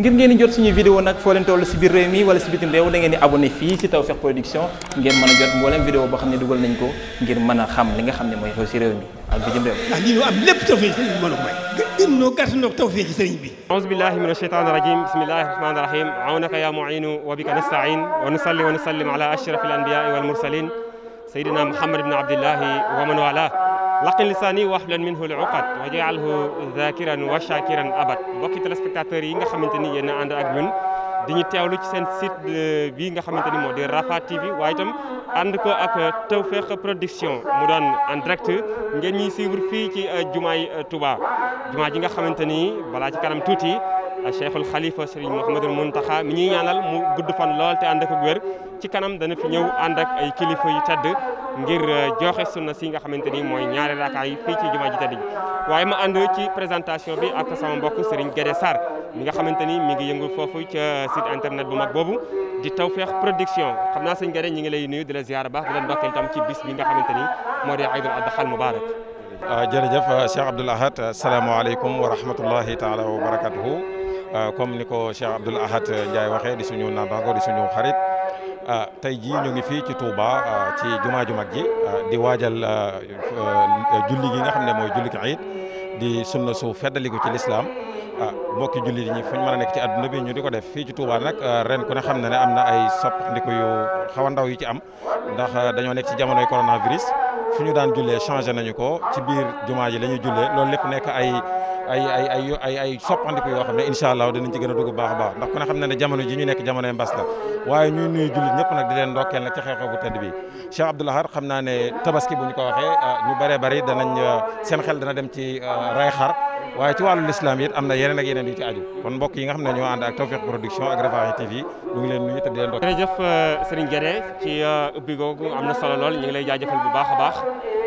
ngir ngeen di jot suñu vidéo nag foo leen si biir réew wala si bitim réew da ngeen di fii si Tawfekh Production ngeen mën a jot mboolem vidéo boo xam ne dugal nañ ko ngir mën a xam li nga xam ne mooy xew si réew mi ak bitim réew. ndax lii ñu am lépp tawfeex sëriñ bi mën a may. gën noo gàtt noo tawfeex sëriñ bi. auzu billahi mina shaytani rajim bismillahi rahmani rahim awnaka ya mu'inu wa bika nasta'in wa nusalli wa nusallim ala ashrafil anbiya'i laqi lisaani waxlan minhu al-uqad waj'alhu zakiran wa shakiran abad mbokki téléspectateurs yi nga xamante ni yéen ànd ak ñun di ñu teewlu ci seen site bii nga xamante ni moo di Rafah TV waaye itam ànd ko ak tew feex Production mu daan en direct ngeen ñuy suivre fii ci euh, jumaay euh, Touba jumaa ji nga xamante ni balaa ci kanam tuuti euh, Cheikhul Khalifa Serigne Mouhamadul Mountakha mi ñuy ñaanal mu gudd fan lool te ànd ak wér ci kanam dana fi ñëw ànd ak ay kilifa yu tedd. ngir euh, joxe sunna si nga xamante ni mooy ñaare raakaa yi fii ci jumaa ji tedd waaye ma ànd ci présentation bi ak sama mbokk Serigne Guédé Sarr mi nga xamante ni mi ngi yëngu foofu ci site internet bu mag boobu di Tawfekh Production xam naa Serigne Guédé ñi ngi lay nuyu di la ziyaara baax di la ndokkeel tam ci bis bi nga xamante ni moo di Aïdul Adha al Mubarak ah, jërëjëf ah, Cheikh Abdoul Ahad asalaamaaleykum wa rahmatullahi taala wa barakatuhu ah, comme ni ko Cheikh Abdoul Ahad Ndiaye waxee di suñu naataango di suñu xarit Ah, tey jii ñu ngi fii ci Touba ah, ci jumaa ju mag ji ah, di waajal julli gi nga xam ne mooy julli iid di sunna su feddaliku ci lislaam mbokki julli yi ñi fuñ mën a nekk ci adduna bi ñu di ko def fii ci Touba nag ren ku ne xam ne ne am na ay soppandiku yu xaw ndaw yi ci am ndax dañoo nekk ci jamonoy coronavirus fu ñu daan jullee changé nañu ko ci biir jumaa ji la ñuy jullee loolu lekk nekk ay ay ay ay ay ay soppandiku yoo xam ne incha allah dinañ ci gën a dugg baax a baax ndax ku xam ne ne jamono ji ñu nekk jamonoy mbas waaye ñuy nuyu jullit ñëpp nag di leen ndokkeel nag ci xew bu tedd bi Cheikh Abdoul xam naa ne tabaski bu ñu ko waxee ah, ñu bëree bëri danañ ah, seen xel dana dem ci ah, ray xar waaye ci wàllu lislaam it am na yeneen ak yeneen yu ci aju kon mbokk yi nga xam ne ñoo ànd ak Tawfekh Production ak TV ñu leen nuyu te di leen ndokkeel jërëjëf a baax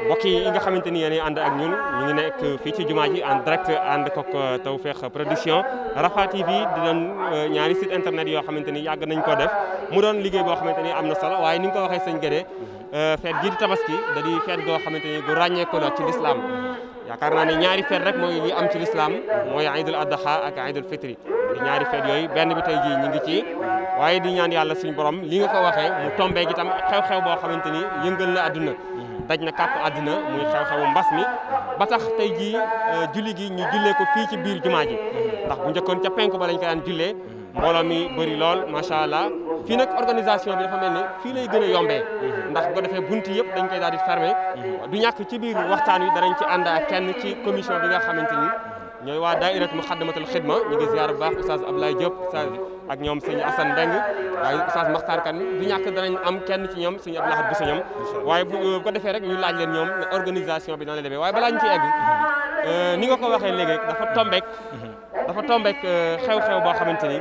mbokk yi nga xamante ni yéen ànd ak ñun ñu nekk fii ci jumaa ji en direct ànd kook euh, Tawfekh Production Rafah TV di doon euh, ñaari site internet yoo xamante ni yàgg nañ ko def mu doon liggéey boo xamante ni am na solo waaye ni nga ko waxee sëñ Guédé mhm. euh, feet gii tabaski da di feet goo xamante ni gu ràññeeku la ci lislaam yaakaar naa ne ñaari feet rek mooy yi am ci lislaam mooy Aïdul Adha ak Aïdul Fitri di ñaari feet yooyu benn bi tey jii ñu ngi ci waaye di ñaan yàlla suñu borom li nga ko waxee mu tombee gi tam xew-xew boo xamante ni yëngal la adduna daj na kàpp àddina muy xew-xewu mbas mi ba tax tey ji euh, julli gi ñu jullee ko fii ci biir jumaa ji ndax bu njëkkoon ca penk ba lañ ko daan jullee mbooloo mi bëri lool macha allah fii nag organisation bi dafa mel ni fii lay gën a yombee ndax bu defee bunt yëpp dañ koy daal di fermé du ñàkk ci biir waxtaan wi danañ ci ànd ak kenn ci commission bi nga xamante ni ñooy waa daa'irat Muxaddamatul Xidma ñu ngi ziar bu baax oustaz Abdoulaye Diop oustaz ak ñoom sëñ Assane Mbengue waaye oustaz Makhtar Kane du ñàkk danañ am kenn ci ñoom sëñ Abdoulaye Bousso ñoom waaye bu ko defee rek ñu laaj leen ñoom ne organisation bi nan la demee waaye balaa ñu ci egg euh, ni nga ko waxee léegi dafa tombek dafa tombek euh, xew-xew boo xamante ni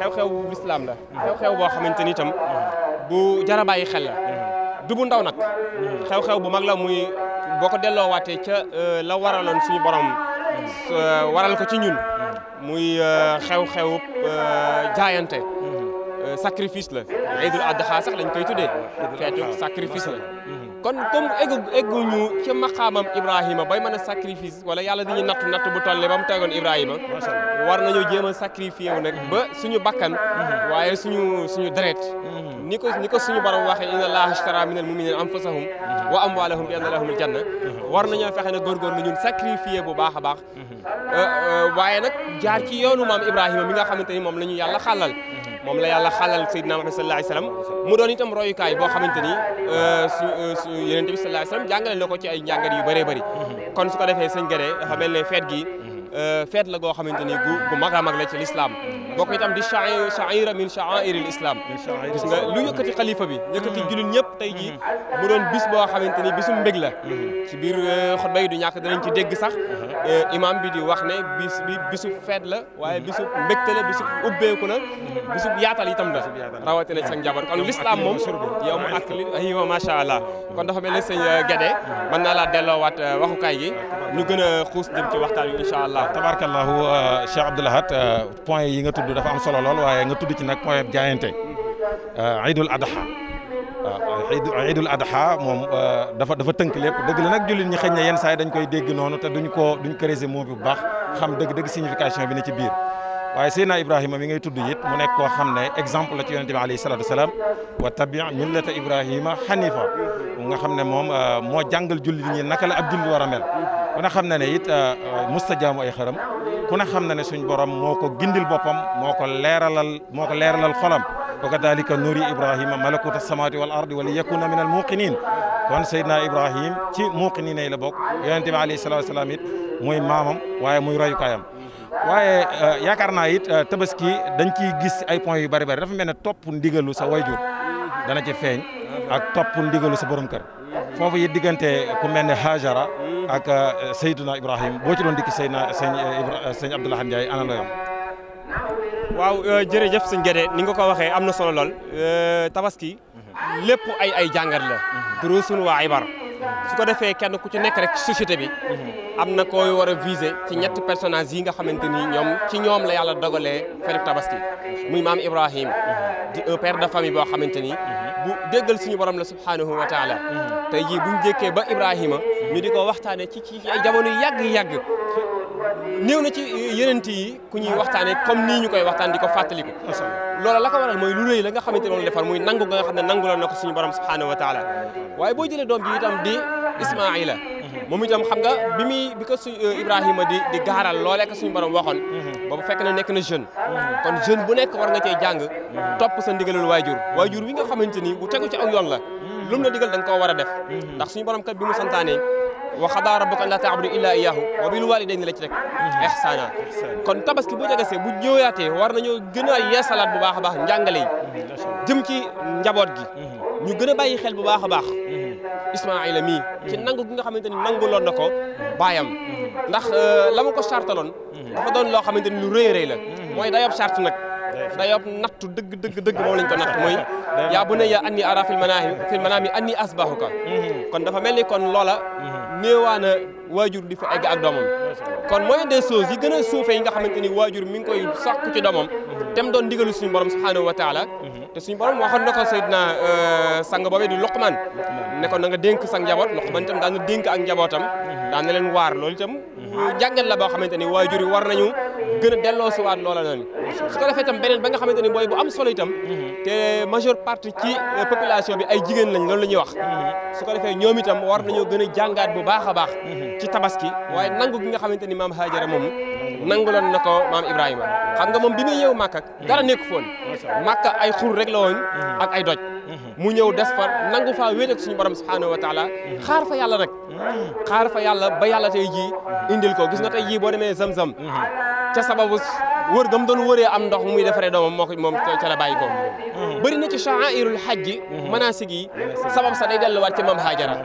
xew-xew bu lislaam la xew-xew boo xamante ni itam bu jar a bàyyi xel la du bu ndaw nag xew-xew bu mag la muy boo ko delloowaatee ca euh, la waraloon suñu borom Euh, waral ko ci ñun muy euh, xew-xew euh, jaayante mhm. sacrifice la Aïdul Adha sax lañ koy tuddee feetu sacrifice la mhm. kon comme eggu egguñu ci maqaamam Ibrahima bay mën a sacrifice wala yàlla dañuy natt natt bu tollee ba mu tegoon Ibrahima war nañoo jéem a sacrifié wu nag ba suñu bakkan mhm. waaye suñu suñu deret mhm. ni ko ni ko suñu borom waxee inna allaha ashtara minal muminina anfusahum mhm. wa amwalahum bi anna lahumul janna war nañoo fexe ne góorgóorlu ñun sacrifié bu baax a baax euh, euh, waaye nag jaar ci yoonu maam Ibrahima mi nga xamante ni moom la ñu yàlla xàllal moom la yàlla xalal Seydina Muhammad sallallahu alayhi wasallam mu doon itam royukaay boo xamante ni euh, su euh, su Yonent bi sallallahu la ko ci ay njàngat yu bëree bëri mm-hmm. kon su ko defee sëñ Gare ne feet gi mm-hmm. Euh, feet la goo xamante ni gu gu mag a mag la ci lislaam bokk itam di chair min chaairil islam gis lu yëkkati xalifa bi yëkkati mm-hmm. jullit ñëpp tey ji mu doon bis boo xamante ni bisum la mm-hmm. ci biir euh, xutba yi du ñàkk ci dégg sax mm-hmm. euh, imam bi di wax ne bis bi bisu feet la waaye bisu mbégte la yaatal itam la rawatina ci sa njaboot kon lislaam moom yow mu ak li wa macha allah kon dafa mel ne sëñ Guédé mën naa laa delloowaat waxukaay gi ñu gën a xuus jëm ci waxtaan bi incha allah waaw tabaarkallaahu euh, Cheikh Abdoul Ahad euh, point yi nga tudd dafa am solo lool waaye nga tudd ci nag point jaayante Aïdul euh, Adha waaw Aïdul Adha moom dafa dafa tënk lépp dëgg la nag jullit ñi xëy na yenn saa yi dañ koy dégg noonu te duñ ko duñ creuser mot bi bu xam dëgg-dëgg signification bi na ci biir waaye Seydina Ibrahima mi ngay tudd it mu nekk koo xam ne exemple la ci yonente bi alayhi salaatu wasalaam wa tabi millata Ibrahima hanifa nga xam ne moom moo jàngal jullit ñi naka la ab julli war a mel ku ne xam na ne it euh, euh, musta jaamu ay xaram ku ne xam na ne suñ borom moo ko gindil boppam moo ko leeralal moo ko leeralal xolam wa kadalika nuri ibrahima malakuta samawati wal ardi wa li yakuna min al muqinin kon Seydina Ibrahim ci muqinin yi la bokk yonente bi alayhi salatu wasalaam it maamam waaye muy royukaayam waaye euh, yaakaar naa it tabaski dañ ciy gis ay points yu bari bari dafa mel ne topp ndigalu sa wayjur dana ci feeñ ak topp ndigalu sa borom kër foofu it diggante ku mel ne Hajara ak eh, Seydina Ibrahima boo ci doon dikk Seydina sëñ eh, eh, sëñ Abdou Lahad Ndiaye ana la waaw jërëjëf sëñ Guédé ni nga ko waxee am na solo lool tabaski lépp ay ay jàngat la durusun waa ibar su ko defee kenn ku ci nekk rek ci bi am na koy war vise ci ñetti personnages yi nga xamante ni ñoom ci ñoom la yàlla dogalee feru tabaski muy maam Ibrahima di un père de famille boo xamante ni bu déggal suñu borom la subhanahu wa tey jii buñ jékkee ba Ibrahima ñu di ko waxtaane ci ci ay jamono yàgg-yàgg néew na ci yeneen yi ku ñuy waxtaane comme nii ñu koy waxtaan di ko fàttaliku loola la ko waral mooy lu rëy la nga xamante ne moom la defar muy nangu nga xam ne nangu la na ko suñu borom subhanahu wa taala waaye boo jëlee doom ji itam di Ismaila moom itam xam nga bi muy bi ko su euh, Ibrahima di di gaaral loolee ko suñu borom waxoon boobu fekk ne nekk na jeune kon jeune bu nekk war nga cee jàng topp sa ndigalul waajur waajur wi nga xamante ni bu tegu ci aw yoon la lu mu la digal da nga koo war a def mm-hmm. ndax suñu borom kat bi mu santaane wa xadaa rabbuka an laa taabudu illaa iyyaahu wa bil waalidayni la ci rek mm-hmm. ihsaana kon tabaski bu jagasee bu ñëwaatee war nañoo gën a yeesalaat bu baax a baax njàngale yi mm-hmm. jëm ci njaboot gi ñu gën a bàyyi xel bu baax a baax Ismaayla mii ci nangu gi nga xamante ni nangu loon na ko baayam ndax euh, la ma ko chartaloon dafa doon loo xamante ni lu rëy rëy la mooy dayob charte nag dayoob nattu dëgg dëgg dëgg moom lañ ko natt mooy yaa bu ne yaa anni ara fil manaami fil manaami anni asbahuka kon dafa mel ni kon loola néewaana waajur di fa egg ak doomam kon mooy de choses yi gën a suufee yi nga xamante ni waajur mi ngi koy sàkku ci doomam tem doon ndigalu suñu borom subhaanahu wa taala te suñu borom waxoon na ko Seydina euh, sang boobee di Luqman ne ko na nga dénk sang njaboot Luqman itam daan na dénk ak njabootam daan na leen waar loolu itam jàngat la boo xamante ni waajur yi war nañu gën a delloo si waat loola noonu su ko defee tam beneen ba nga xamante ni mooy bu am solo itam te majeure partie ci euh, population bi ay jigéen lañ loolu la ñuy wax su ko defee ñoom itam war nañoo gën a jàngaat bu baax a baax ci tabaski waaye nangu gi nga xamante ni maam Haajara moom nanguloon na ko maam Ibrahima xanga moom bi ma ñëw Màkka dara nekk foon Màkka ay xur rek la woon ak ay doj mu ñëw des far nangu faa wéet ak suñu borom subhaanahu wa taala xaar fa yàlla rek xaar fa ba yàlla tey jii indil ko gis nga tey jii boo demee zam-zam ca sababu wër gam doon wëree am ndox muy defaree doomam moo ko moom ca la bàyyi ko hmm. bëri na ci sha'airul hajji hmm. manasik yi sabab sa day delluwaat ci mam haajara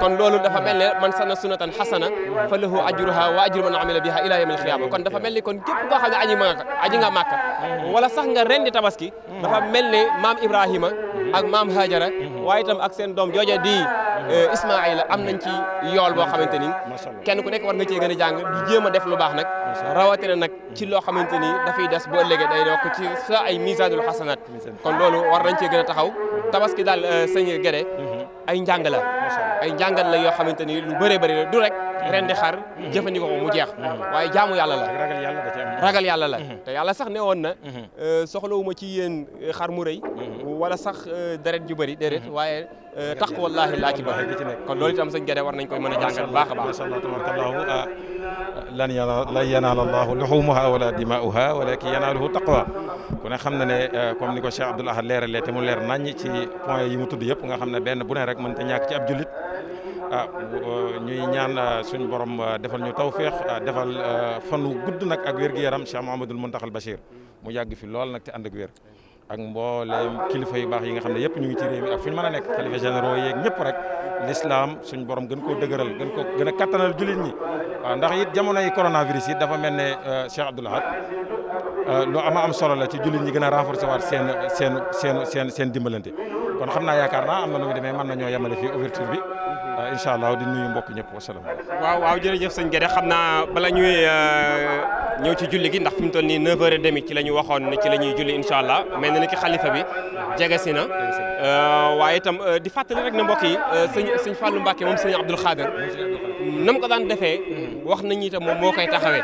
kon loolu dafa mel ne man sana sunatan hasana hmm. fa lahu ajruha wa ajru man amila biha ila yawmil qiyama kon dafa mel ni kon képp koo xam aji ma aji nga màkka wala sax nga rendi tabaski dafa mel ne maam ibrahima ak maam Haajara mhm. waaye itam ak seen doom jooja di mhm. euh, Ismaayla am nañ ci yool boo xamante ni kenn ku nekk war nga cee gën a jàng jéem a def lu baax nag rawatina nag ci loo xamante ni dafay des boo ëllëgee day dokk ci sa ay misaanul xasanaat kon loolu war nañ cee gën a taxaw tabaski daal euh, sëñ Guédé mhm. ay njàng la ay njàngat la yoo xamante ni lu bëree bëri la du rek ren di xar jëfandikoo ko mu jeex mm-hmm. waaye jaamu yàlla la ragal yàlla la mm-hmm. te yàlla sax ne woon na mm-hmm. euh, soxlawuma ci yéen euh, xar mu rëy wala sax euh, deret ju bëri déedéet waaye tax wallaahi laa ci bëri kon loolu itam sëñ Guèye war nañ koy mën a baax a baax lan yana lan yanaal allahu luxumuha wala dimaauha walakin yanaaluhu taqwa ku ne xam na ne euh, comme ni ko Cheikh Abdoul Ahad leeralee te mu leer naññ ci point yi mu tudd yëpp nga xam ne benn bu ne rek mën ta ñàkk ci ab jullit ah euh, ñuy ñaan euh, suñu borom defal ñu tawféex defal fan wu gudd nag ak wér-gu-yaram Cheikh Mouhamadoul Mountakhal Bachir mu yàgg fi lool nag te ànd ak wér ak mbooleem kilifa yu baax yi nga xam ne yëpp ñu ngi ci réew mi ak fu ñu mën a nekk xalifa généraux yeeg ñëpp rek l'islam suñ borom gën ko gën a kattanal jullit ñi waaw ndax it jamono coronavirus yi dafa mel ne euh, Cheikh Abdoul Ahad euh, lu ama am solo ci jullit ñi gën a renforcer waat seen seen seen seen seen dimbalante kon xam naa yaakaar na am na nu muy demee mën nañoo yemale fii ouverture bi euh, incha allah di nuyu mbokk ñëpp wasalaam. waaw waaw jërëjëf sëñ Guède xam naa bala ñuy ñëw ci julli gi ndax fi mu toll nii 9h30 ci la ñu waxoon ci la ñuy julli incha allah mel na ni ki bi jege na. Euh, waaye itam euh, di fàttali rek na mbokk yi euh, sëñ sëñ Fallou Mbacké moom sëñ Abdoul Khader. nam ko daan defee. wax nañu itam moom moo koy taxawee.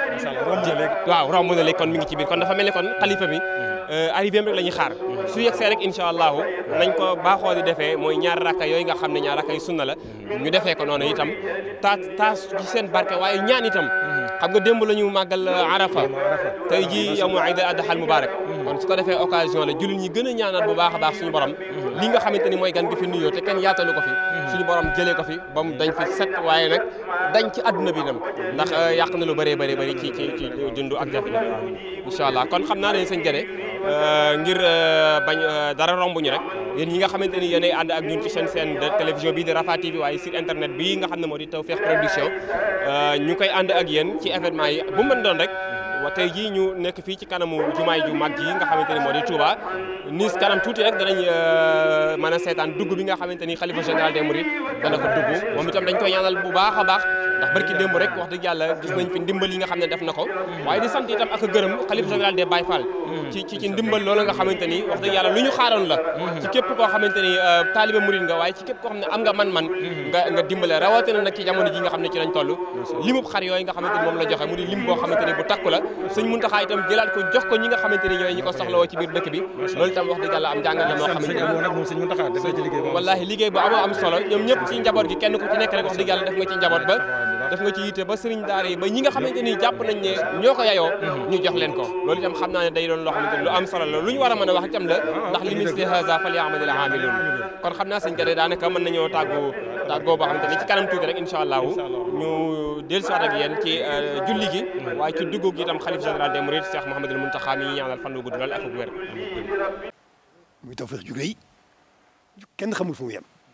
waaw romb na léegi kon mi ngi ci biir kon dafa mel ni kon xalifa bi. arrivé am rek la xaar su yegsee rek incha allah nañ ko baaxoo di defee mooy ñaar rakka yooyu nga xam ne ñaar rakka yu sunna la ñu defee ko noonu itam taas taas seen barke waaye ñaan itam xam nga démb la ñu màggal te euh, tey ji yow mu ayda addaxal mubaarak mm. kon su ko defee occasion la jullit ñi gën a ñaanal bu baax a baax suñu borom mm. li nga xamante ni mooy gan gi fi nuyoo te kenn yaatalu ko fi mm. suñu borom jëlee ko fi ba mu dañ fi set waaye nag dañ ci adduna bi nam ndax euh, yàq na lu bëree bëri bëri ci ci ci dund ak jafe-jafe incha kon xam naa ne sëñ Gene Euh, ngir euh, bañ euh, dara rombuñu rek yéen nga xamante ni yéenay ànd ak ñun ci seen seen télévision bii di Rafa TV waaye site internet bii nga xam ne moo di Tawfekh Production ñu koy ànd ak yéen ci événement yi bu mën doon rek wa tey jii ñu nekk fii ci kanamu jumaay ju mag ji nga xamante ni moo di Touba niis kanam tuuti rek danañ mën a seetaan dugg bi nga xamante ni xalifa général des mourides dana ko dugg moom itam dañ koy bu baax a baax barki démb rek wax dëgg yàlla gis nañ fi ndimbal yi nga xam ne def na ko waaye di sant itam ak gërëm xalif général des Baye Fall ci ci ci ndimbal loolu nga xamante ni wax dëgg yàlla lu ñu xaaroon la ci képp koo xamante ni taalibe murid nga waaye ci am nga ne ci lañ toll limub xar yooyu nga xamante jëlaat ko jox ko ñi nga xamante am jàngal la moo xamante ni wallaahi liggéey bu amoo am solo ñoom ñëpp ci njaboot gi kenn ku ci nekk rek wax dëgg yàlla def nga ci njaboot ba def nga ci yitte ba sëriñ daara yi ba ñi nga xamante ni jàpp nañ ne ñoo ko yayoo ñu jox leen ko loolu itam xam naa ne day doon loo lu am solo la lu ñu war a mën a wax itam la ndax li misli haza falya'malil aamilun kon xam naa sëñ Gade daanaka mën nañoo tàggoo tàggoo boo xamante ni ci kanam tuuti rek incha allah ñu dellusiwaat ak yéen ci euh, julli gi waaye ci dugg gi itam xalif général des mourides Cheikh Mouhamadul Mountakha mi ñaanal fan wu gudd lool ak wér muy tawfeex ju kenn xamul fu mu